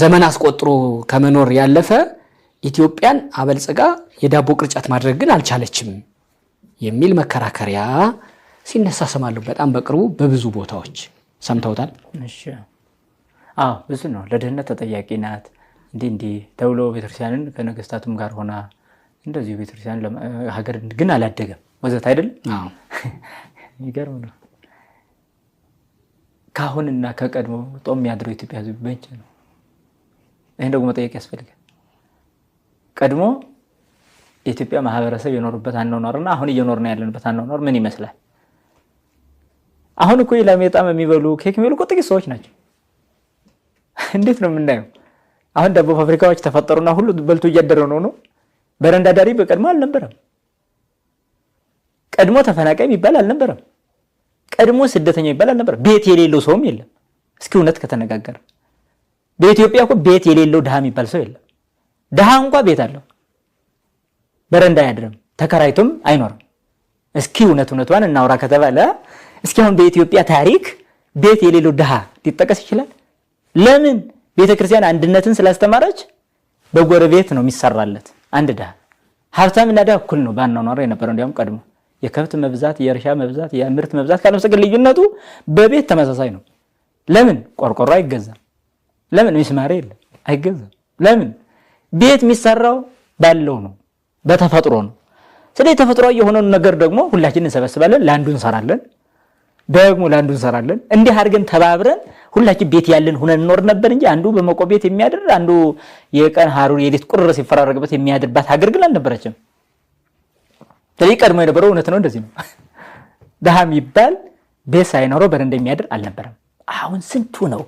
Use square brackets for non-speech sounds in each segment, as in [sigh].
ዘመን አስቆጥሮ ከመኖር ያለፈ ኢትዮጵያን አበልጽጋ የዳቦ ቅርጫት ማድረግ ግን አልቻለችም የሚል መከራከሪያ ሲነሳ ሰማለሁ። በጣም በቅርቡ በብዙ ቦታዎች ሰምተውታል። አዎ ብዙ ነው። ለድህነት ተጠያቂ ናት እንዲህ እንዲህ ተብሎ ቤተክርስቲያንን ከነገስታቱም ጋር ሆና እንደዚሁ ቤተክርስቲያን ሀገር ግን አላደገም ወዘት አይደል? [laughs] የሚገርም ነው። ከአሁንና ከቀድሞ ጦም ያድረው ኢትዮጵያ ህዝብ ነው። ይህን ደግሞ መጠየቅ ያስፈልጋል። ቀድሞ የኢትዮጵያ ማህበረሰብ የኖሩበት እና አሁን እየኖርን ያለንበት አኗኗር ምን ይመስላል? አሁን እኮ ለሜጣም የሚበሉ ኬክ የሚበሉ እኮ ጥቂት ሰዎች ናቸው። እንዴት ነው የምናየው? አሁን ደቦ ፋብሪካዎች ተፈጠሩና ሁሉ በልቶ እያደረ ነው ነው። በረንዳ ዳሪ በቀድሞ አልነበረም። ቀድሞ ተፈናቃይ የሚባል አልነበረም። ቀድሞ ስደተኛ የሚባል አልነበረም። ቤት የሌለው ሰውም የለም። እስኪ እውነት ከተነጋገረ በኢትዮጵያ እኮ ቤት የሌለው ድሃ የሚባል ሰው የለም። ድሃ እንኳ ቤት አለው፣ በረንዳ አያድርም፣ ተከራይቶም አይኖርም። እስኪ እውነት እውነቷን እናውራ ከተባለ እስኪ አሁን በኢትዮጵያ ታሪክ ቤት የሌለው ድሃ ሊጠቀስ ይችላል? ለምን? ቤተ ክርስቲያን አንድነትን ስላስተማረች በጎረቤት ነው የሚሰራለት። አንድ ድሃ ሀብታም እና ድሃ እኩል ነው ባኗኗር የነበረው። እንዲያውም ቀድሞ የከብት መብዛት፣ የእርሻ መብዛት፣ የምርት መብዛት ካልመሰገን ልዩነቱ በቤት ተመሳሳይ ነው። ለምን? ቆርቆሮ አይገዛም። ለምን ሚስማር የለም አይገዛም? ለምን ቤት የሚሰራው ባለው ነው፣ በተፈጥሮ ነው። ስለዚህ ተፈጥሮ የሆነውን ነገር ደግሞ ሁላችን እንሰበስባለን፣ ለአንዱ እንሰራለን፣ ደግሞ ለአንዱ እንሰራለን። እንዲህ አድርገን ተባብረን ሁላችን ቤት ያለን ሁነን እንኖር ነበር እንጂ አንዱ በመቆ ቤት የሚያድር አንዱ የቀን ሀሩር የሌት ቁር ሲፈራረግበት የሚያድርባት ሀገር ግን አልነበረችም። ስለዚህ ቀድሞ የነበረው እውነት ነው፣ እንደዚህ ነው። [laughs] ድሃ የሚባል ቤት ሳይኖረው በር እንደሚያድር አልነበረም። አሁን ስንቱ ነው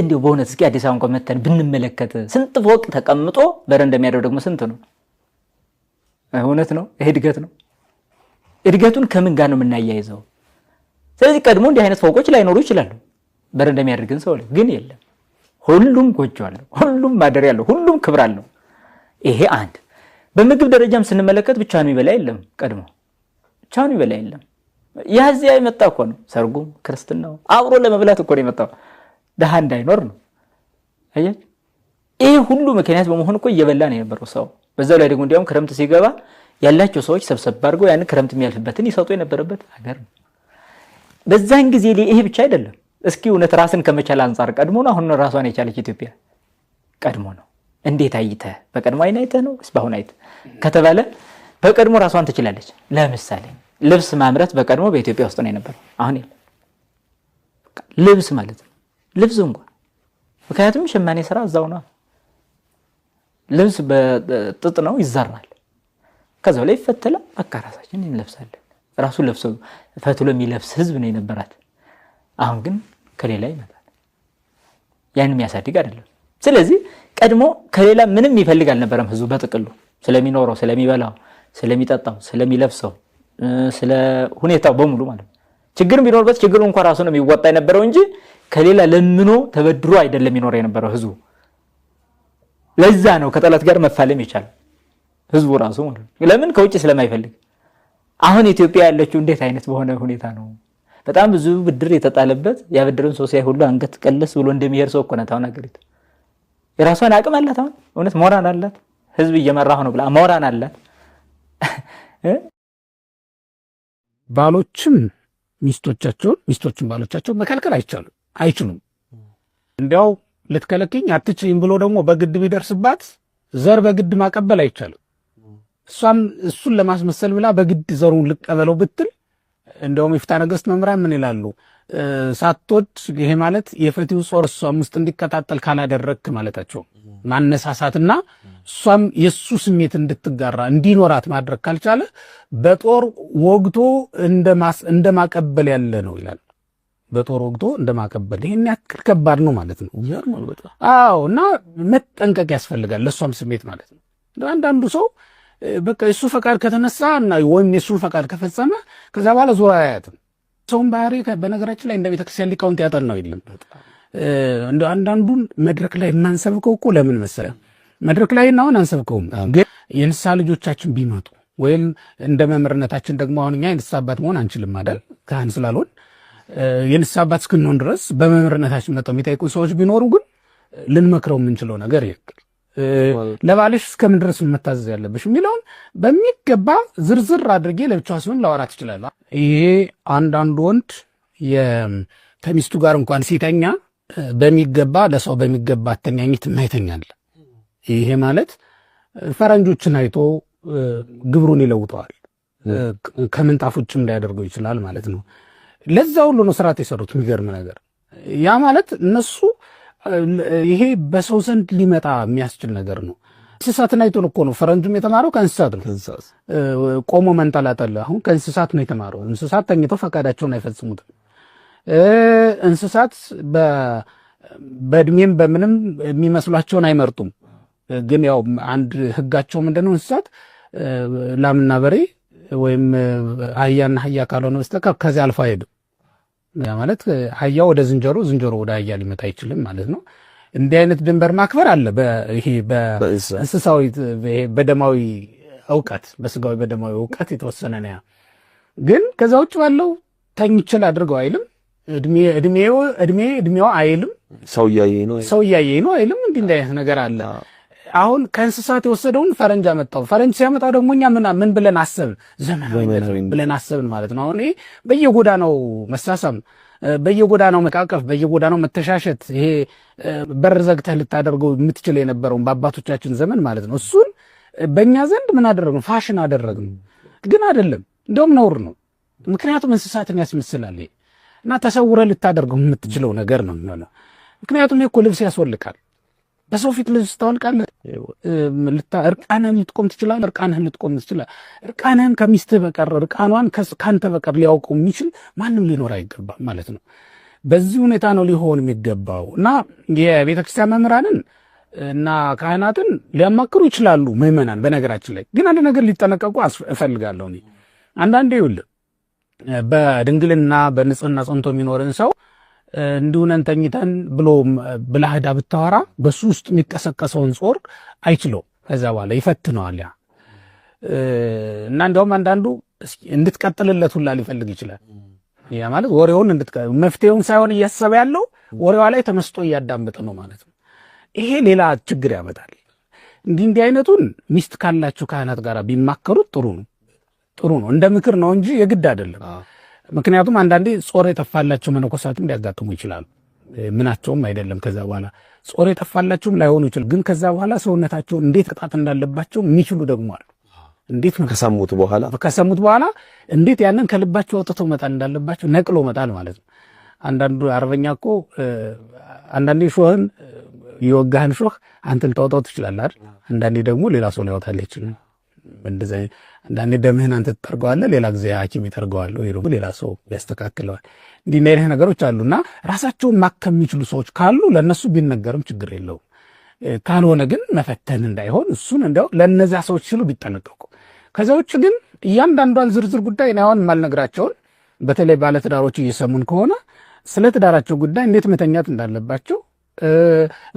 እንዲሁ በእውነት እስኪ አዲስ አበባ እንኳን መተን ብንመለከት ስንት ፎቅ ተቀምጦ በረንዳ እንደሚያደው ደግሞ ስንት ነው? እውነት ነው። ይሄ እድገት ነው። እድገቱን ከምን ጋር ነው የምናያይዘው? ስለዚህ ቀድሞ እንዲህ አይነት ፎቆች ላይኖሩ ይችላሉ። በረንዳ እንደሚያደርግን ሰው ግን የለም። ሁሉም ጎጆ አለው። ሁሉም ማደሪያ አለው። ሁሉም ክብር አለው። ይሄ አንድ። በምግብ ደረጃም ስንመለከት ነው የሚበላ የለም። ቀድሞ ነው የሚበላ የለም። ያዚያ የመጣ እኮ ነው። ሰርጉም ክርስትናው አብሮ ለመብላት እኮ ነው የመጣው። ድሃ እንዳይኖር ነው። አያችሁ፣ ይህ ሁሉ ምክንያት በመሆን እኮ እየበላ ነው የነበረው ሰው። በዛው ላይ ደግሞ እንዲያውም ክረምት ሲገባ ያላቸው ሰዎች ሰብሰብ አድርገው ያንን ክረምት የሚያልፍበትን ይሰጡ የነበረበት ሀገር ነው። በዛን ጊዜ ይሄ ብቻ አይደለም። እስኪ እውነት ራስን ከመቻል አንጻር ቀድሞ ነው አሁን ራሷን የቻለች ኢትዮጵያ ቀድሞ ነው? እንዴት አይተህ በቀድሞ አይን አይተህ ነው ስ በአሁን አይተህ ከተባለ በቀድሞ ራሷን ትችላለች። ለምሳሌ ልብስ ማምረት በቀድሞ በኢትዮጵያ ውስጥ ነው የነበረው። አሁን ልብስ ማለት ነው ልብስ እንኳ ምክንያቱም ሸማኔ ስራ እዛው ነው። ልብስ በጥጥ ነው ይዘራል። ከዛው ላይ ይፈትላል። በቃ ራሳችን እንለብሳለን። ራሱ ለብሶ ፈትሎ የሚለብስ ህዝብ ነው የነበራት። አሁን ግን ከሌላ ይመጣል። ያንን የሚያሳድግ አይደለም። ስለዚህ ቀድሞ ከሌላ ምንም ይፈልግ አልነበረም ህዝቡ በጥቅሉ ስለሚኖረው፣ ስለሚበላው፣ ስለሚጠጣው፣ ስለሚለብሰው፣ ስለ ሁኔታው በሙሉ ማለት ነው። ችግር ቢኖርበት ችግሩ እንኳ ራሱ ነው የሚወጣ የነበረው እንጂ ከሌላ ለምኖ ተበድሮ አይደለም ይኖር የነበረው ህዝቡ። ለዛ ነው ከጠላት ጋር መፋለም ይቻል ህዝቡ ራሱ ለምን ከውጭ ስለማይፈልግ። አሁን ኢትዮጵያ ያለችው እንዴት አይነት በሆነ ሁኔታ ነው? በጣም ብዙ ብድር የተጣለበት ያብድርን ሰው ሲያይ ሁሉ አንገት ቀለስ ብሎ እንደሚሄድ ሰው እኮ ናት አሁን አገሪቱ የራሷን አቅም አላት። አሁን እውነት ሞራን አላት። ህዝብ እየመራሁ ነው ብላ ሞራን አላት። [laughs] ባሎችም ሚስቶቻቸውን፣ ሚስቶችም ባሎቻቸውን መከልከል አይቻሉም። አይችሉም። እንዲያው ልትከለክኝ አትችልም ብሎ ደግሞ በግድ ቢደርስባት ዘር በግድ ማቀበል አይቻልም። እሷም እሱን ለማስመሰል ብላ በግድ ዘሩን ልቀበለው ብትል እንደውም የፍትሐ ነገሥት መምህራን ምን ይላሉ? ሳትወድ ይሄ ማለት የፈቲው ጾር እሷም ውስጥ እንዲቀጣጠል ካላደረግክ ማለታቸው ማነሳሳትና እሷም የእሱ ስሜት እንድትጋራ እንዲኖራት ማድረግ ካልቻለ በጦር ወግቶ እንደማቀበል ያለ ነው ይላል። በጦር ወግቶ እንደማቀበል ይህን ያክል ከባድ ነው ማለት ነው። አዎ እና መጠንቀቅ ያስፈልጋል። ለእሷም ስሜት ማለት ነው። አንዳንዱ ሰው በቃ የሱ ፈቃድ ከተነሳ እና ወይም የሱን ፈቃድ ከፈጸመ ከዛ በኋላ ዞር አያያትም። ሰውን ባህሪ በነገራችን ላይ እንደ ቤተክርስቲያን ሊቃውንት ያጠል ነው የለም። እንደ አንዳንዱን መድረክ ላይ የማንሰብከው እኮ ለምን መሰለ መድረክ ላይ አሁን አንሰብከውም፣ ግን የንስሓ ልጆቻችን ቢመጡ ወይም እንደ መምህርነታችን ደግሞ አሁን እኛ የንስሓ አባት መሆን አንችልም አይደል? ካህን ስላልሆን የንስሐ አባት እስክንሆን ድረስ በመምህርነታችን መጠው የሚጠይቁ ሰዎች ቢኖሩ ግን ልንመክረው የምንችለው ነገር ለባልሽ እስከምን ድረስ መታዘዝ ያለብሽ የሚለውን በሚገባ ዝርዝር አድርጌ ለብቻዋ ሲሆን ላወራ ይችላል። ይሄ አንዳንድ ወንድ ከሚስቱ ጋር እንኳን ሲተኛ በሚገባ ለሰው በሚገባ አተኛኝት ማይተኛለ። ይሄ ማለት ፈረንጆችን አይቶ ግብሩን ይለውጠዋል። ከምንጣፍ ውጭ ሊያደርገው ይችላል ማለት ነው። ለዛ ሁሉ ነው ስርዓት የሰሩት። የሚገርም ነገር ያ ማለት እነሱ ይሄ በሰው ዘንድ ሊመጣ የሚያስችል ነገር ነው። እንስሳትን አይቶ እኮ ነው ፈረንጁም የተማረው ከእንስሳት ነው። ቆሞ መንጠላጠል አሁን ከእንስሳት ነው የተማረው። እንስሳት ተኝተው ፈቃዳቸውን አይፈጽሙትም። እንስሳት በእድሜም በምንም የሚመስሏቸውን አይመርጡም። ግን ያው አንድ ህጋቸው ምንድነው? እንስሳት ላምና በሬ ወይም አህያና አህያ ካልሆነ በስተቀር ከዚያ አልፎ አይሄድም። ማለት አህያ ወደ ዝንጀሮ፣ ዝንጀሮ ወደ አህያ ሊመጣ አይችልም ማለት ነው። እንዲህ አይነት ድንበር ማክበር አለ። ይሄ በእንስሳዊ በደማዊ እውቀት በስጋዊ በደማዊ እውቀት የተወሰነ ነው። ግን ከዛ ውጭ ባለው ተኝችል አድርገው አይልም። እድሜ እድሜዋ አይልም። ሰው እያየኝ ነው አይልም። እንዲህ እንዲህ አይነት ነገር አለ። አሁን ከእንስሳት የወሰደውን ፈረንጅ አመጣው። ፈረንጅ ሲያመጣው ደግሞ እኛ ምን ብለን አሰብ ዘመናዊ ብለን አሰብን ማለት ነው። አሁን በየጎዳ በየጎዳናው መሳሳም፣ በየጎዳናው መቃቀፍ፣ በየጎዳናው መተሻሸት፣ ይሄ በር ዘግተህ ልታደርገው የምትችል የነበረውን በአባቶቻችን ዘመን ማለት ነው። እሱን በእኛ ዘንድ ምን አደረግነው? ፋሽን አደረግ? ግን አይደለም፣ እንደውም ነውር ነው። ምክንያቱም እንስሳትን ያስመስላል እና ተሰውረ ልታደርገው የምትችለው ነገር ነው የሚሆነው። ምክንያቱም ይሄ እኮ ልብስ ያስወልቃል በሰው ፊት ልስታወልቃለህ እርቃንህን ልትቆም ትችላለህ። እርቃንህን ልትቆም ትችላለህ። እርቃንህን ከሚስትህ በቀር እርቃኗን ከአንተ በቀር ሊያውቀው የሚችል ማንም ሊኖር አይገባም ማለት ነው። በዚህ ሁኔታ ነው ሊሆን የሚገባው እና የቤተክርስቲያን መምህራንን እና ካህናትን ሊያማክሩ ይችላሉ ምዕመናን። በነገራችን ላይ ግን አንድ ነገር ሊጠነቀቁ እፈልጋለሁ። አንዳንዴ ይውል በድንግልና በንጽህና ጸንቶ የሚኖርን ሰው እንዲሁነን ተኝተን ብሎ ብላህዳ ብታወራ በሱ ውስጥ የሚቀሰቀሰውን ጾር አይችሎ ከዛ በኋላ ይፈትነዋል። ያ እና እንዲያውም አንዳንዱ እንድትቀጥልለት ሁላ ሊፈልግ ይችላል። ያ ማለት ወሬውን መፍትሄውን ሳይሆን እያሰበ ያለው ወሬዋ ላይ ተመስጦ እያዳመጠ ነው ማለት ነው። ይሄ ሌላ ችግር ያመጣል። እንዲህ እንዲህ አይነቱን ሚስት ካላችሁ ካህናት ጋር ቢማከሩት ጥሩ ነው ጥሩ ነው። እንደ ምክር ነው እንጂ የግድ አይደለም። ምክንያቱም አንዳንዴ ጾር የጠፋላቸው መነኮሳትም ሊያጋጥሙ ይችላሉ። ምናቸውም አይደለም። ከዛ በኋላ ጾር የጠፋላቸውም ላይሆኑ ይችላል። ግን ከዛ በኋላ ሰውነታቸው እንዴት ቅጣት እንዳለባቸው የሚችሉ ደግሞ አሉ። እንዴት ከሰሙት በኋላ ከሰሙት በኋላ እንዴት ያንን ከልባቸው አውጥተው መጣል እንዳለባቸው ነቅሎ መጣል ማለት ነው። አንዳንዱ አርበኛ እኮ አንዳንዴ ሾህን የወጋህን ሾህ አንተ ልታወጣው ትችላለህ አይደል? አንዳንዴ ደግሞ ሌላ ሰው ሊያወጣልህ ይችላል። እንደዚ አንዳንዴ ደምህን አንተ ትጠርገዋለህ፣ ሌላ ጊዜ ሐኪም ይጠርገዋል ወይ ደግሞ ሌላ ሰው ያስተካክለዋል። እንዲህ አይነት ነገሮች አሉ እና ራሳቸውን ማከም የሚችሉ ሰዎች ካሉ ለእነሱ ቢነገርም ችግር የለውም። ካልሆነ ግን መፈተን እንዳይሆን እሱን እንዲያው ለእነዚያ ሰዎች ሲሉ ቢጠነቀቁ። ከዚያ ውጭ ግን እያንዳንዷን ዝርዝር ጉዳይ ናሆን የማልነግራቸውን በተለይ ባለትዳሮች እየሰሙን ከሆነ ስለ ትዳራቸው ጉዳይ እንዴት መተኛት እንዳለባቸው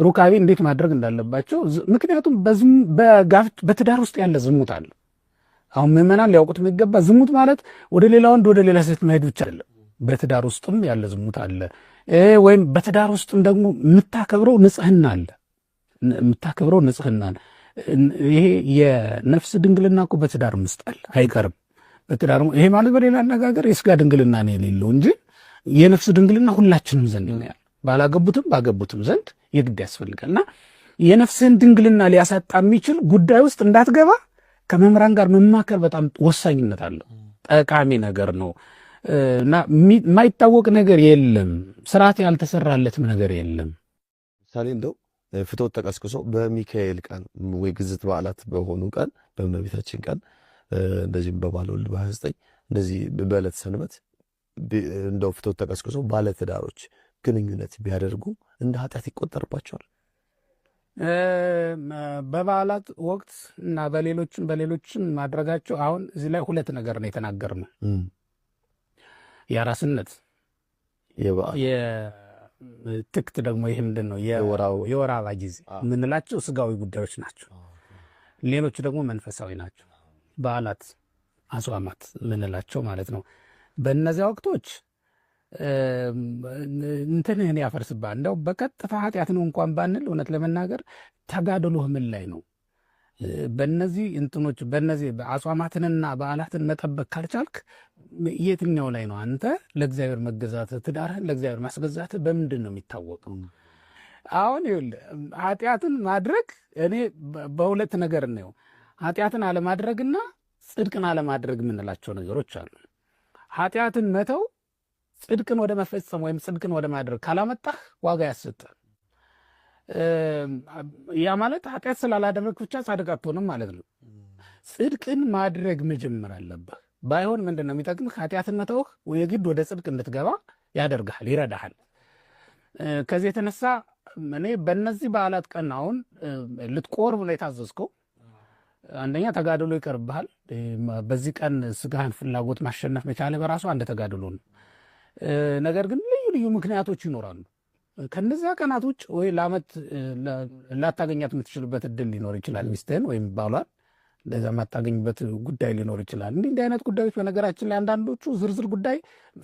ሩካቤ እንዴት ማድረግ እንዳለባቸው። ምክንያቱም በትዳር ውስጥ ያለ ዝሙት አለ። አሁን ምዕመናን ሊያውቁት የሚገባ ዝሙት ማለት ወደ ሌላ ወንድ ወደ ሌላ ሴት መሄድ ብቻ አይደለም። በትዳር ውስጥም ያለ ዝሙት አለ። ወይም በትዳር ውስጥም ደግሞ የምታከብረው ንጽህና አለ። የምታከብረው ንጽህና ይሄ የነፍስ ድንግልና እኮ በትዳር ምስጣል አይቀርም። በትዳር ይሄ ማለት በሌላ አነጋገር የስጋ ድንግልና ነው የሌለው እንጂ የነፍስ ድንግልና ሁላችንም ዘንድ ነው ያለ ባላገቡትም ባገቡትም ዘንድ የግድ ያስፈልጋል ያስፈልጋልና የነፍስህን ድንግልና ሊያሳጣ የሚችል ጉዳይ ውስጥ እንዳትገባ ከመምህራን ጋር መማከር በጣም ወሳኝነት አለው። ጠቃሚ ነገር ነው እና የማይታወቅ ነገር የለም። ስርዓት ያልተሰራለትም ነገር የለም። ምሳሌ እንደው ፍትወት ተቀስቅሶ በሚካኤል ቀን ወይ ግዝት በዓላት በሆኑ ቀን በእመቤታችን ቀን እንደዚህም በባለወልድ በሃያ ዘጠኝ እንደዚህ በዕለት ሰንበት እንደው ፍትወት ተቀስቅሶ ባለትዳሮች ግንኙነት ቢያደርጉ እንደ ኃጢአት ይቆጠርባቸዋል? በበዓላት ወቅት እና በሌሎችም በሌሎችም ማድረጋቸው አሁን እዚህ ላይ ሁለት ነገር ነው የተናገርነው፣ የአራስነት ትክት ደግሞ ይህ ምንድን ነው የወር አበባ ጊዜ የምንላቸው ስጋዊ ጉዳዮች ናቸው። ሌሎቹ ደግሞ መንፈሳዊ ናቸው። በዓላት አጽዋማት ምንላቸው ማለት ነው። በእነዚያ ወቅቶች እንትንህን ያፈርስባ እንደው በቀጥታ ኃጢአት እንኳን ባንል እውነት ለመናገር ተጋድሎህ ምን ላይ ነው? በነዚህ እንትኖች በነዚህ አጽዋማትንና በዓላትን መጠበቅ ካልቻልክ የትኛው ላይ ነው አንተ ለእግዚአብሔር መገዛት? ትዳርህን ለእግዚአብሔር ማስገዛት በምንድን ነው የሚታወቀው? አሁን ይኸውልህ ኃጢአትን ማድረግ እኔ በሁለት ነገር ነው ኃጢአትን አለማድረግና ጽድቅን አለማድረግ የምንላቸው ነገሮች አሉ። ኃጢአትን መተው ጽድቅን ወደ መፈጸም ወይም ጽድቅን ወደ ማድረግ ካላመጣህ ዋጋ ያሰጥህ። ያ ማለት ኃጢአት ስላላደረግ ብቻ ጻድቅ አትሆንም ማለት ነው። ጽድቅን ማድረግ መጀመር አለብህ። ባይሆን ምንድን ነው የሚጠቅምህ? ኃጢአትን መተውህ የግድ ወደ ጽድቅ እንድትገባ ያደርግሃል፣ ይረዳሃል። ከዚህ የተነሳ እኔ በእነዚህ በዓላት ቀን አሁን ልትቆርብ ነው የታዘዝከው። አንደኛ ተጋድሎ ይቀርብሃል። በዚህ ቀን ስጋህን ፍላጎት ማሸነፍ መቻለ በራሱ አንድ ተጋድሎ ነው። ነገር ግን ልዩ ልዩ ምክንያቶች ይኖራሉ። ከነዚያ ቀናት ውጭ ወይ ለአመት ላታገኛት የምትችልበት እድል ሊኖር ይችላል። ሚስትህን ወይም ባሏን እንደዚያ የማታገኝበት ጉዳይ ሊኖር ይችላል። እንዲህ እንዲህ አይነት ጉዳዮች በነገራችን ላይ አንዳንዶቹ ዝርዝር ጉዳይ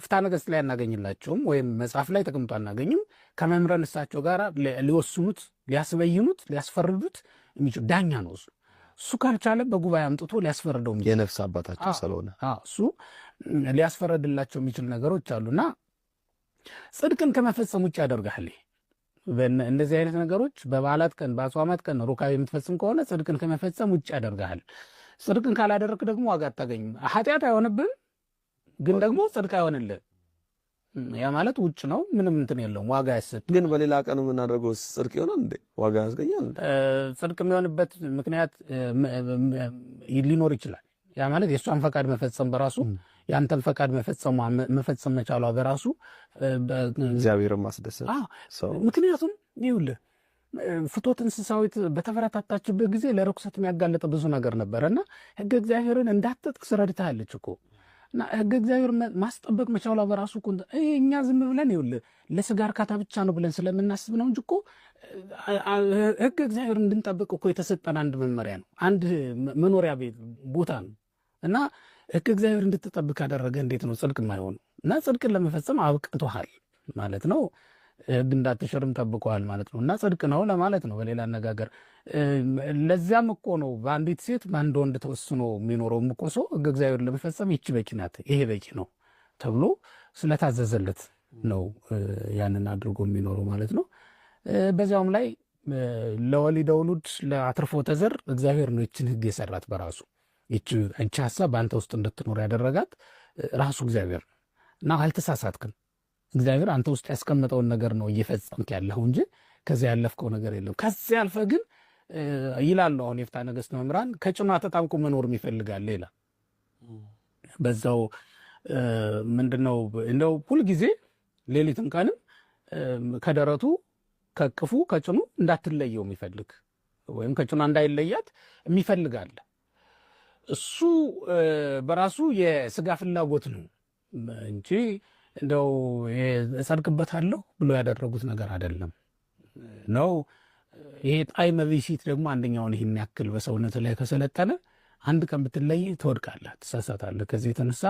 ፍትሐ ነገሥት ላይ አናገኝላቸውም፣ ወይም መጽሐፍ ላይ ተቀምጦ አናገኝም። ከመምህራን እሳቸው ጋር ሊወስኑት፣ ሊያስበይኑት፣ ሊያስፈርዱት ዳኛ ነው እሱ። እሱ ካልቻለ በጉባኤ አምጥቶ ሊያስፈርደው የነፍስ አባታቸው ስለሆነ እሱ ሊያስፈረድላቸው የሚችል ነገሮች አሉና ጽድቅን ከመፈጸም ውጭ ያደርጋል። እንደዚህ አይነት ነገሮች በበዓላት ቀን በአጽዋማት ቀን ሩካቤ የምትፈጽም ከሆነ ጽድቅን ከመፈጸም ውጭ ያደርግሃል። ጽድቅን ካላደረግ ደግሞ ዋጋ አታገኝም። ኃጢአት አይሆንብን ግን ደግሞ ጽድቅ አይሆንልን ያ ማለት ውጭ ነው። ምንም እንትን የለውም። ዋጋ ያሰጥ ግን በሌላ ቀን የምናደርገው ጽድቅ ይሆናል እንዴ? ዋጋ ያስገኛል። ጽድቅ የሚሆንበት ምክንያት ሊኖር ይችላል። ያ ማለት የእሷን ፈቃድ መፈጸም በራሱ የአንተን ፈቃድ መፈጸም መቻሏ በራሱ እግዚአብሔር ማስደሰት። ምክንያቱም ይውል ፍቶት እንስሳዊት በተበረታታችበት ጊዜ ለርኩሰት የሚያጋለጠ ብዙ ነገር ነበረ እና ሕገ እግዚአብሔርን እንዳትጥቅስ ረድታለች እኮ ህግ እግዚአብሔር ማስጠበቅ መቻሏ በራሱ እኮ እኛ ዝም ብለን ይኸውልህ ለስጋ እርካታ ብቻ ነው ብለን ስለምናስብ ነው እንጂ እኮ ህግ እግዚአብሔር እንድንጠብቅ እኮ የተሰጠን አንድ መመሪያ ነው፣ አንድ መኖሪያ ቤት ቦታ ነው። እና ህግ እግዚአብሔር እንድትጠብቅ ያደረገ እንዴት ነው ጽድቅ የማይሆኑ እና ጽድቅን ለመፈጸም አብቅቶሃል ማለት ነው። ህግ እንዳትሽርም ጠብቀዋል ማለት ነው። እና ጽድቅ ነው ለማለት ነው በሌላ አነጋገር ለዚያም እኮ ነው በአንዲት ሴት በአንድ ወንድ ተወስኖ የሚኖረው እኮ ሰው ሕገ እግዚአብሔር ለመፈጸም ይቺ በቂ ናት፣ ይሄ በቂ ነው ተብሎ ስለታዘዘለት ነው ያንን አድርጎ የሚኖረው ማለት ነው። በዚያውም ላይ ለወሊደ ውሉድ ለአትርፎ ተዘር እግዚአብሔር ነው ይችን ሕግ የሰራት በራሱ አንቺ ሀሳብ በአንተ ውስጥ እንድትኖር ያደረጋት ራሱ እግዚአብሔር ነው እና አልተሳሳትክም። እግዚአብሔር አንተ ውስጥ ያስቀመጠውን ነገር ነው እየፈጸምክ ያለው እንጂ ከዚያ ያለፍከው ነገር የለም። ከዚያ ያልፈ ግን ይላሉ። አሁን የፍታ ነገሥት መምህራን ከጭኗ ተጣብቆ መኖርም ይፈልጋል ይላል። በዛው ምንድነው እንደው ሁልጊዜ ሌሊትም ቀንም ከደረቱ ከቅፉ ከጭኑ እንዳትለየው የሚፈልግ ወይም ከጭኗ እንዳይለያት የሚፈልጋል። እሱ በራሱ የስጋ ፍላጎት ነው እንጂ እንደው እጸድቅበታለሁ ብሎ ያደረጉት ነገር አይደለም ነው ይሄ ጣዕመ ቢሲት ደግሞ አንደኛውን ይህን ያክል በሰውነት ላይ ከሰለጠነ አንድ ቀን ብትለይ ትወድቃለህ፣ ትሳሳታለህ። ከዚህ የተነሳ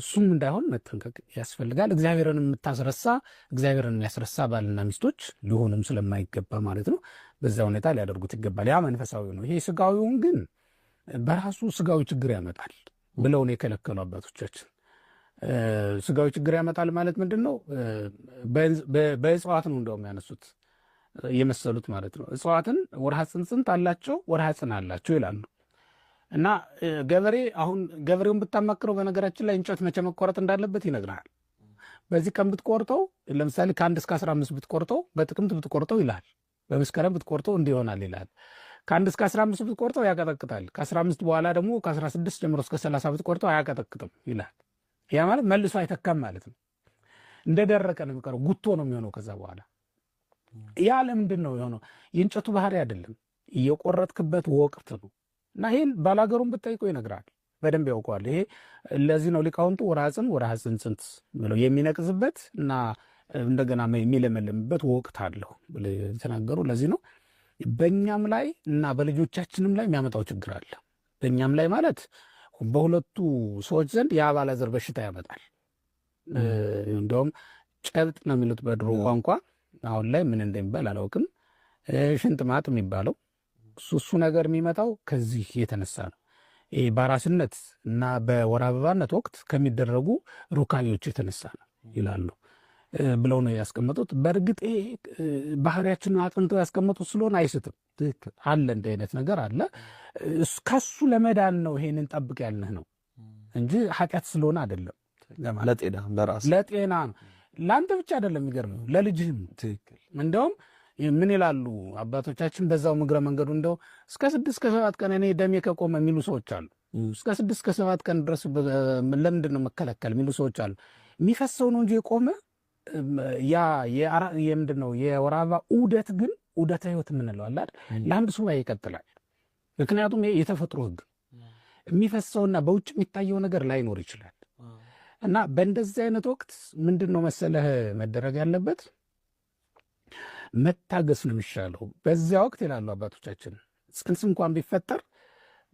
እሱም እንዳይሆን መጠንቀቅ ያስፈልጋል። እግዚአብሔርን የምታስረሳ እግዚአብሔርን የሚያስረሳ ባልና ሚስቶች ሊሆንም ስለማይገባ ማለት ነው። በዛ ሁኔታ ሊያደርጉት ይገባል። ያ መንፈሳዊ ነው። ይሄ ስጋዊውን ግን በራሱ ስጋዊ ችግር ያመጣል ብለውን የከለከሉ አባቶቻችን ስጋዊ ችግር ያመጣል ማለት ምንድን ነው? በእጽዋት ነው እንደውም ያነሱት የመሰሉት ማለት ነው። እጽዋትን ወርሃ ጽንጽንት አላቸው ወርሃ ጽን አላቸው ይላሉ። እና ገበሬ አሁን ገበሬውን ብታማክረው በነገራችን ላይ እንጨት መቼ መቆረጥ እንዳለበት ይነግራል በዚህ ቀን ብትቆርጠው ለምሳሌ ከአንድ እስከ አስራ አምስት ብትቆርጠው በጥቅምት ብትቆርጠው ይላል። በመስከረም ብትቆርጠው እንዲህ ይሆናል ይላል። ከአንድ እስከ አስራ አምስት ብትቆርጠው ያቀጠቅጣል። ከአስራ አምስት በኋላ ደግሞ ከአስራ ስድስት ጀምሮ እስከ ሰላሳ ብትቆርጠው አያቀጠቅጥም ይላል። ያ ማለት መልሶ አይተካም ማለት ነው። እንደደረቀ ነው የሚቀረው። ጉቶ ነው የሚሆነው ከዛ በኋላ ያ ለምንድን ነው የሆነው? የእንጨቱ ባህሪ አይደለም፣ እየቆረጥክበት ወቅት ነው። እና ይህን ባላገሩን ብታይቆ ይነግራል። በደንብ ያውቀዋል። ይሄ ለዚህ ነው ሊቃውንቱ ወራጽን ወራ ጽንት ብለው የሚነቅዝበት እና እንደገና የሚለመለምበት ወቅት አለው የተናገሩ። ለዚህ ነው በእኛም ላይ እና በልጆቻችንም ላይ የሚያመጣው ችግር አለ። በእኛም ላይ ማለት በሁለቱ ሰዎች ዘንድ የአባላዘር በሽታ ያመጣል። እንዲያውም ጨብጥ ነው የሚሉት በድሮ ቋንቋ አሁን ላይ ምን እንደሚባል አላውቅም። ሽንጥማጥ የሚባለው እሱ ነገር የሚመጣው ከዚህ የተነሳ ነው። በራስነት በአራስነት እና በወር አበባነት ወቅት ከሚደረጉ ሩካቤዎች የተነሳ ነው ይላሉ ብለው ነው ያስቀመጡት። በእርግጥ ባህሪያችንን አጥንተው ያስቀመጡት ስለሆነ አይስትም። ትክክል አለ፣ እንደ አይነት ነገር አለ። ከሱ ለመዳን ነው ይሄንን ጠብቅ ያልንህ ነው እንጂ ኃጢአት ስለሆነ አይደለም ለጤና ነው። ለአንተ ብቻ አይደለም የሚገርመው ለልጅህም። ትክክል። እንደውም ምን ይላሉ አባቶቻችን በዛው ምግረ መንገዱ እንደው እስከ ስድስት ከሰባት ቀን እኔ ደሜ ከቆመ የሚሉ ሰዎች አሉ። እስከ ስድስት ከሰባት ቀን ድረስ ለምንድን ነው መከለከል የሚሉ ሰዎች አሉ። የሚፈሰው ነው እንጂ የቆመ ያ ምንድን ነው የወር አበባ ዑደት ግን ዑደተ ህይወት የምንለው አለ ለአንድ ሱባኤ ይቀጥላል። ምክንያቱም የተፈጥሮ ህግ የሚፈሰውና በውጭ የሚታየው ነገር ላይኖር ይችላል። እና በእንደዚህ አይነት ወቅት ምንድን ነው መሰለህ መደረግ ያለበት መታገስ ነው የሚሻለው። በዚያ ወቅት ይላሉ አባቶቻችን ጽንስ እንኳን ቢፈጠር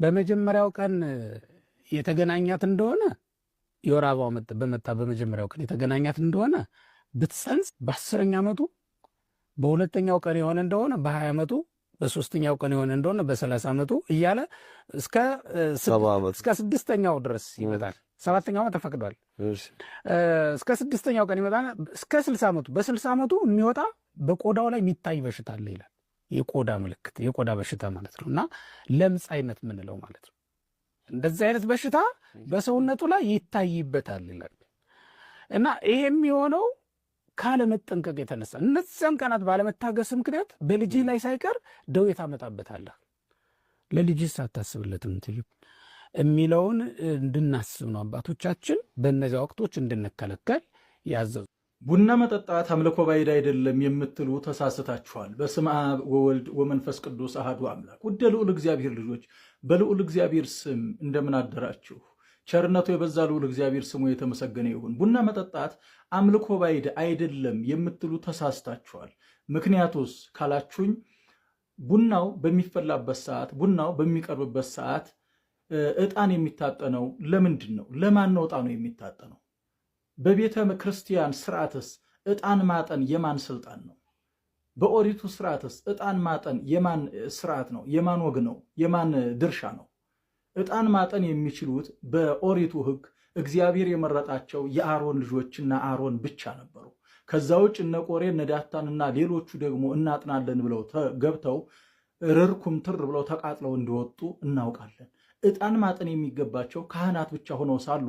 በመጀመሪያው ቀን የተገናኛት እንደሆነ የወር አበባው በመጣ በመጀመሪያው ቀን የተገናኛት እንደሆነ ብትፀንስ በአስረኛ ዓመቱ በሁለተኛው ቀን የሆነ እንደሆነ በሀያ ዓመቱ በሶስተኛው ቀን የሆነ እንደሆነ በሰላሳ ዓመቱ እያለ እስከ ስድስተኛው ድረስ ይመጣል። ሰባተኛው ዓመት ተፈቅዷል። እስከ ስድስተኛው ቀን ይመጣ እስከ ስልሳ ዓመቱ በስልሳ ዓመቱ የሚወጣ በቆዳው ላይ የሚታይ በሽታ አለ ይላል። የቆዳ ምልክት የቆዳ በሽታ ማለት ነው እና ለምጽ አይነት የምንለው ማለት ነው። እንደዚህ አይነት በሽታ በሰውነቱ ላይ ይታይበታል ይላል እና ይሄ የሚሆነው ካለመጠንቀቅ የተነሳ እነዚያን ቀናት ባለመታገስ ምክንያት በልጅህ ላይ ሳይቀር ደዌ ታመጣበታለህ። ለልጅህ ሳታስብለትም ትዩ የሚለውን እንድናስብ ነው አባቶቻችን በእነዚያ ወቅቶች እንድንከለከል ያዘዙ። ቡና መጠጣት አምልኮ ባዕድ አይደለም የምትሉ ተሳስታችኋል። በስመ አብ ወወልድ ወመንፈስ ቅዱስ አህዱ አምላክ። ውድ ልዑል እግዚአብሔር ልጆች በልዑል እግዚአብሔር ስም እንደምን አደራችሁ? ቸርነቱ የበዛ ልዑል እግዚአብሔር ስሙ የተመሰገነ ይሁን። ቡና መጠጣት አምልኮ ባዕድ አይደለም የምትሉ ተሳስታችኋል። ምክንያቱስ ካላችሁኝ ቡናው በሚፈላበት ሰዓት፣ ቡናው በሚቀርብበት ሰዓት እጣን የሚታጠነው ለምንድን ነው? ለማን ነው እጣኑ የሚታጠነው? በቤተ ክርስቲያን ስርዓትስ እጣን ማጠን የማን ስልጣን ነው? በኦሪቱ ስርዓትስ እጣን ማጠን የማን ስርዓት ነው? የማን ወግ ነው? የማን ድርሻ ነው? እጣን ማጠን የሚችሉት በኦሪቱ ህግ እግዚአብሔር የመረጣቸው የአሮን ልጆችና አሮን ብቻ ነበሩ። ከዛ ውጭ እነ ቆሬ እነ ዳታንና ሌሎቹ ደግሞ እናጥናለን ብለው ገብተው ርርኩም ትር ብለው ተቃጥለው እንደወጡ እናውቃለን። ዕጣን ማጠን የሚገባቸው ካህናት ብቻ ሆነው ሳሉ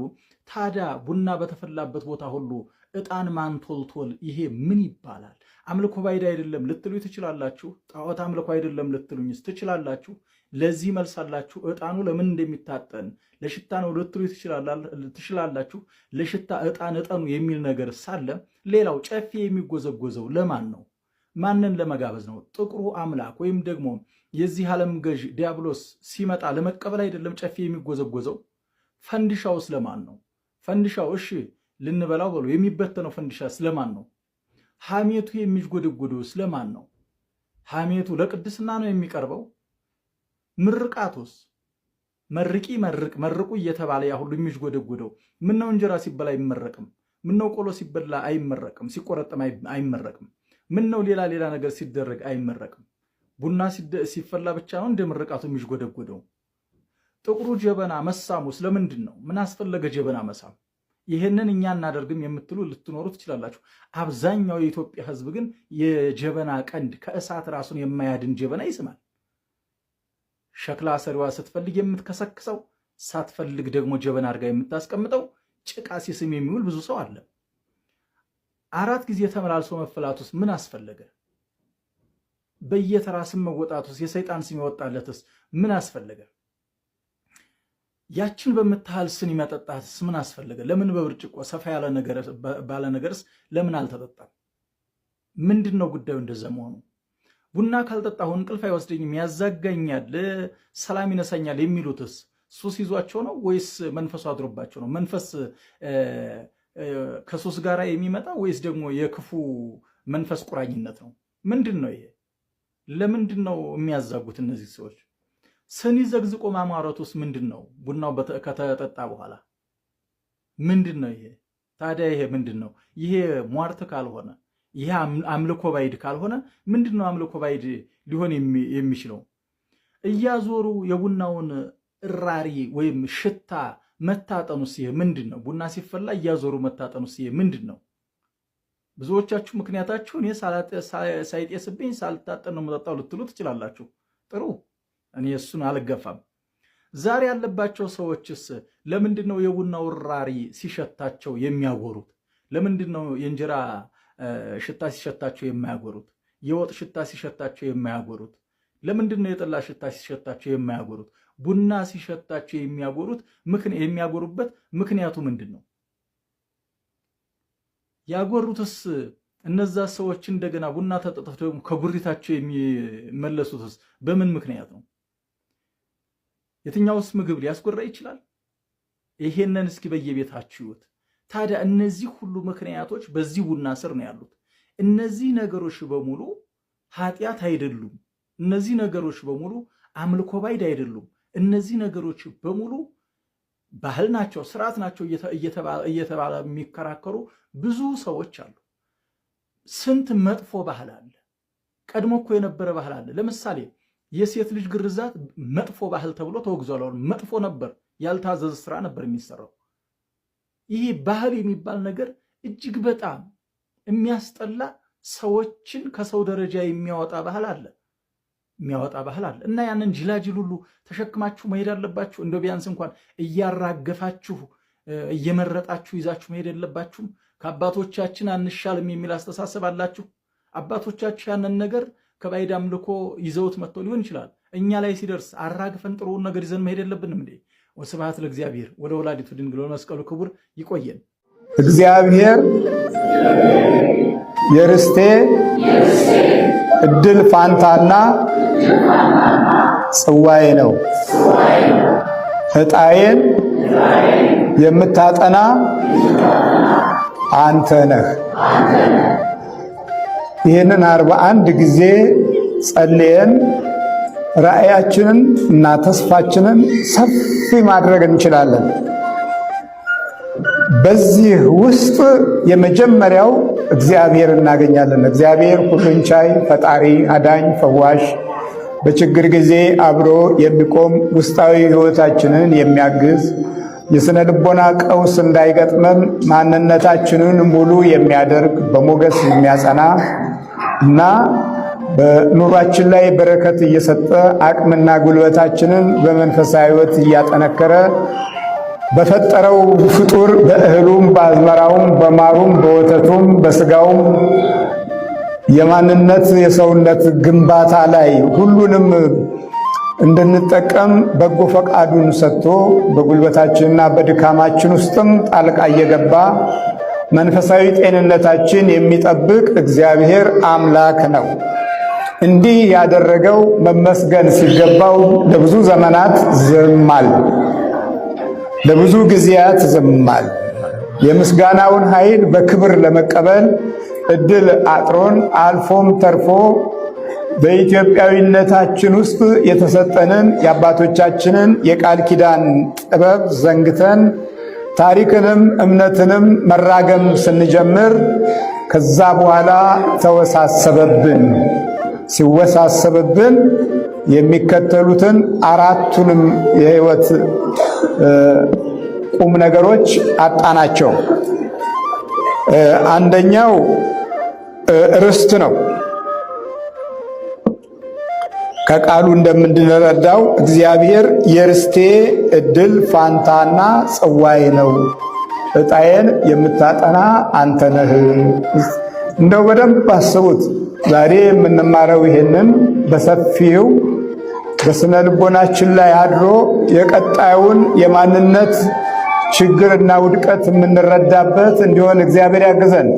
ታዲያ ቡና በተፈላበት ቦታ ሁሉ ዕጣን ማንቶልቶል ይሄ ምን ይባላል? አምልኮ ባዕድ አይደለም ልትሉኝ ትችላላችሁ። ጣዖት አምልኮ አይደለም ልትሉኝስ ትችላላችሁ። ለዚህ መልሳላችሁ ዕጣኑ ለምን እንደሚታጠን ለሽታ ነው ልትሉ ትችላላችሁ። ለሽታ ዕጣን ዕጠኑ የሚል ነገር ሳለ ሌላው ጨፌ የሚጎዘጎዘው ለማን ነው? ማንን ለመጋበዝ ነው? ጥቁሩ አምላክ ወይም ደግሞ የዚህ ዓለም ገዥ ዲያብሎስ ሲመጣ ለመቀበል አይደለም ጨፌ የሚጎዘጎዘው? ፈንዲሻው ስለማን ነው? ፈንዲሻው እሺ ልንበላው ብሎ የሚበተነው ፈንዲሻ ስለማን ነው? ሐሜቱ የሚጎደጎዱ ስለማን ነው? ሐሜቱ ለቅድስና ነው የሚቀርበው? ምርቃቶስ መርቂ መርቅ መርቁ እየተባለ ያ ሁሉ የሚጎደጎደው ምነው እንጀራ ሲበላ አይመረቅም? ምነው ቆሎ ሲበላ አይመረቅም? ሲቆረጠም አይመረቅም? ምን ነው ሌላ ሌላ ነገር ሲደረግ አይመረቅም? ቡና ሲፈላ ብቻ ነው እንደ ምርቃቱ የሚጎደጎደው? ጥቁሩ ጀበና መሳሙ ስለምንድን ነው? ምን አስፈለገ ጀበና መሳም? ይህንን እኛ እናደርግም የምትሉ ልትኖሩ ትችላላችሁ። አብዛኛው የኢትዮጵያ ሕዝብ ግን የጀበና ቀንድ ከእሳት ራሱን የማያድን ጀበና ይስማል። ሸክላ ሰሪዋ ስትፈልግ የምትከሰክሰው ሳትፈልግ ደግሞ ጀበና አድርጋ የምታስቀምጠው ጭቃ ሲስም የሚውል ብዙ ሰው አለ። አራት ጊዜ ተመላልሶ መፈላቱስ ምን አስፈለገ? በየተራ ስም መወጣቱስ የሰይጣን ስም የወጣለትስ ምን አስፈለገ? ያችን በምታህል ስኒ መጠጣትስ ምን አስፈለገ? ለምን በብርጭቆ ሰፋ ባለ ነገርስ ለምን አልተጠጣም? ምንድን ነው ጉዳዩ? እንደዛ መሆኑ ቡና ካልጠጣሁ እንቅልፍ አይወስደኝም፣ ያዛጋኛል፣ ሰላም ይነሳኛል የሚሉትስ ሱስ ይዟቸው ነው ወይስ መንፈሱ አድሮባቸው ነው? መንፈስ ከሶስት ጋር የሚመጣ ወይስ ደግሞ የክፉ መንፈስ ቁራኝነት ነው? ምንድን ነው ይሄ? ለምንድን ነው የሚያዛጉት እነዚህ ሰዎች? ስኒ ዘግዝቆ ማሟረት ውስጥ ምንድን ነው? ቡናው ከተጠጣ በኋላ ምንድን ነው ይሄ? ታዲያ ይሄ ምንድን ነው? ይሄ ሟርት ካልሆነ ይሄ አምልኮ ባይድ ካልሆነ ምንድን ነው አምልኮ ባይድ ሊሆን የሚችለው? እያዞሩ የቡናውን እራሪ ወይም ሽታ መታጠኑ ይሄ ምንድን ነው? ቡና ሲፈላ እያዞሩ መታጠኑ ይሄ ምንድን ነው? ብዙዎቻችሁ ምክንያታችሁ እኔ ሳይጤስብኝ ሳልታጠን ነው መጠጣው ልትሉ ትችላላችሁ። ጥሩ፣ እኔ እሱን አልገፋም። ዛሬ ያለባቸው ሰዎችስ ለምንድን ነው የቡና ውራሪ ሲሸታቸው የሚያጎሩት? ለምንድን ነው የእንጀራ ሽታ ሲሸታቸው የማያጎሩት? የወጥ ሽታ ሲሸታቸው የማያጎሩት? ለምንድን ነው የጠላ ሽታ ሲሸታቸው የማያጎሩት? ቡና ሲሸታቸው የሚያጎሩት የሚያጎሩበት ምክንያቱ ምንድን ነው? ያጎሩትስ እነዛ ሰዎች እንደገና ቡና ተጠጥተው ደግሞ ከጉሪታቸው የሚመለሱትስ በምን ምክንያት ነው? የትኛውስ ምግብ ሊያስጎራ ይችላል? ይሄንን እስኪ በየቤታችሁ ታዲያ እነዚህ ሁሉ ምክንያቶች በዚህ ቡና ስር ነው ያሉት። እነዚህ ነገሮች በሙሉ ኃጢአት አይደሉም። እነዚህ ነገሮች በሙሉ አምልኮ ባይድ አይደሉም። እነዚህ ነገሮች በሙሉ ባህል ናቸው፣ ስርዓት ናቸው እየተባለ የሚከራከሩ ብዙ ሰዎች አሉ። ስንት መጥፎ ባህል አለ። ቀድሞ እኮ የነበረ ባህል አለ። ለምሳሌ የሴት ልጅ ግርዛት መጥፎ ባህል ተብሎ ተወግዟል። መጥፎ ነበር፣ ያልታዘዘ ስራ ነበር የሚሰራው። ይህ ባህል የሚባል ነገር እጅግ በጣም የሚያስጠላ ሰዎችን ከሰው ደረጃ የሚያወጣ ባህል አለ። የሚያወጣ ባህል አለ እና ያንን ጅላጅል ሁሉ ተሸክማችሁ መሄድ አለባችሁ? እንደ ቢያንስ እንኳን እያራገፋችሁ እየመረጣችሁ ይዛችሁ መሄድ የለባችሁም? ከአባቶቻችን አንሻልም የሚል አስተሳሰብ አላችሁ። አባቶቻችሁ ያንን ነገር ከባዕድ አምልኮ ይዘውት መጥቶ ሊሆን ይችላል። እኛ ላይ ሲደርስ አራግፈን ጥሩውን ነገር ይዘን መሄድ የለብንም እንዴ? ወስብሐት ለእግዚአብሔር ወላዲቱ ድንግል ለመስቀሉ ክቡር። ይቆየን እግዚአብሔር የርስቴ እድል ፋንታና ጽዋዬ ነው። እጣዬን የምታጠና አንተ ነህ። ይህንን አርባ አንድ ጊዜ ጸልየን ራእያችንን እና ተስፋችንን ሰፊ ማድረግ እንችላለን። በዚህ ውስጥ የመጀመሪያው እግዚአብሔር እናገኛለን። እግዚአብሔር ሁሉን ቻይ፣ ፈጣሪ፣ አዳኝ፣ ፈዋሽ፣ በችግር ጊዜ አብሮ የሚቆም ውስጣዊ ሕይወታችንን የሚያግዝ የሥነ ልቦና ቀውስ እንዳይገጥመን ማንነታችንን ሙሉ የሚያደርግ በሞገስ የሚያጸና እና በኑሯችን ላይ በረከት እየሰጠ አቅምና ጉልበታችንን በመንፈሳዊ ሕይወት እያጠነከረ በፈጠረው ፍጡር በእህሉም በአዝመራውም በማሩም በወተቱም በስጋውም የማንነት የሰውነት ግንባታ ላይ ሁሉንም እንድንጠቀም በጎ ፈቃዱን ሰጥቶ በጉልበታችንና በድካማችን ውስጥም ጣልቃ እየገባ መንፈሳዊ ጤንነታችን የሚጠብቅ እግዚአብሔር አምላክ ነው። እንዲህ ያደረገው መመስገን ሲገባው ለብዙ ዘመናት ዝም አለ። ለብዙ ጊዜያት ዘምማል። የምስጋናውን ኃይል በክብር ለመቀበል እድል አጥሮን አልፎም ተርፎ በኢትዮጵያዊነታችን ውስጥ የተሰጠንን የአባቶቻችንን የቃል ኪዳን ጥበብ ዘንግተን ታሪክንም እምነትንም መራገም ስንጀምር ከዛ በኋላ ተወሳሰበብን። ሲወሳሰብብን የሚከተሉትን አራቱንም የሕይወት ቁም ነገሮች አጣናቸው። አንደኛው ርስት ነው። ከቃሉ እንደምንረዳው እግዚአብሔር የርስቴ እድል ፋንታና ጽዋዬ ነው፣ ዕጣዬን የምታጠና አንተ ነህ። እንደው በደንብ አስቡት። ዛሬ የምንማረው ይሄንን በሰፊው በስነ ልቦናችን ላይ አድሮ የቀጣዩን የማንነት ችግርና ውድቀት የምንረዳበት እንዲሆን እግዚአብሔር ያግዘን።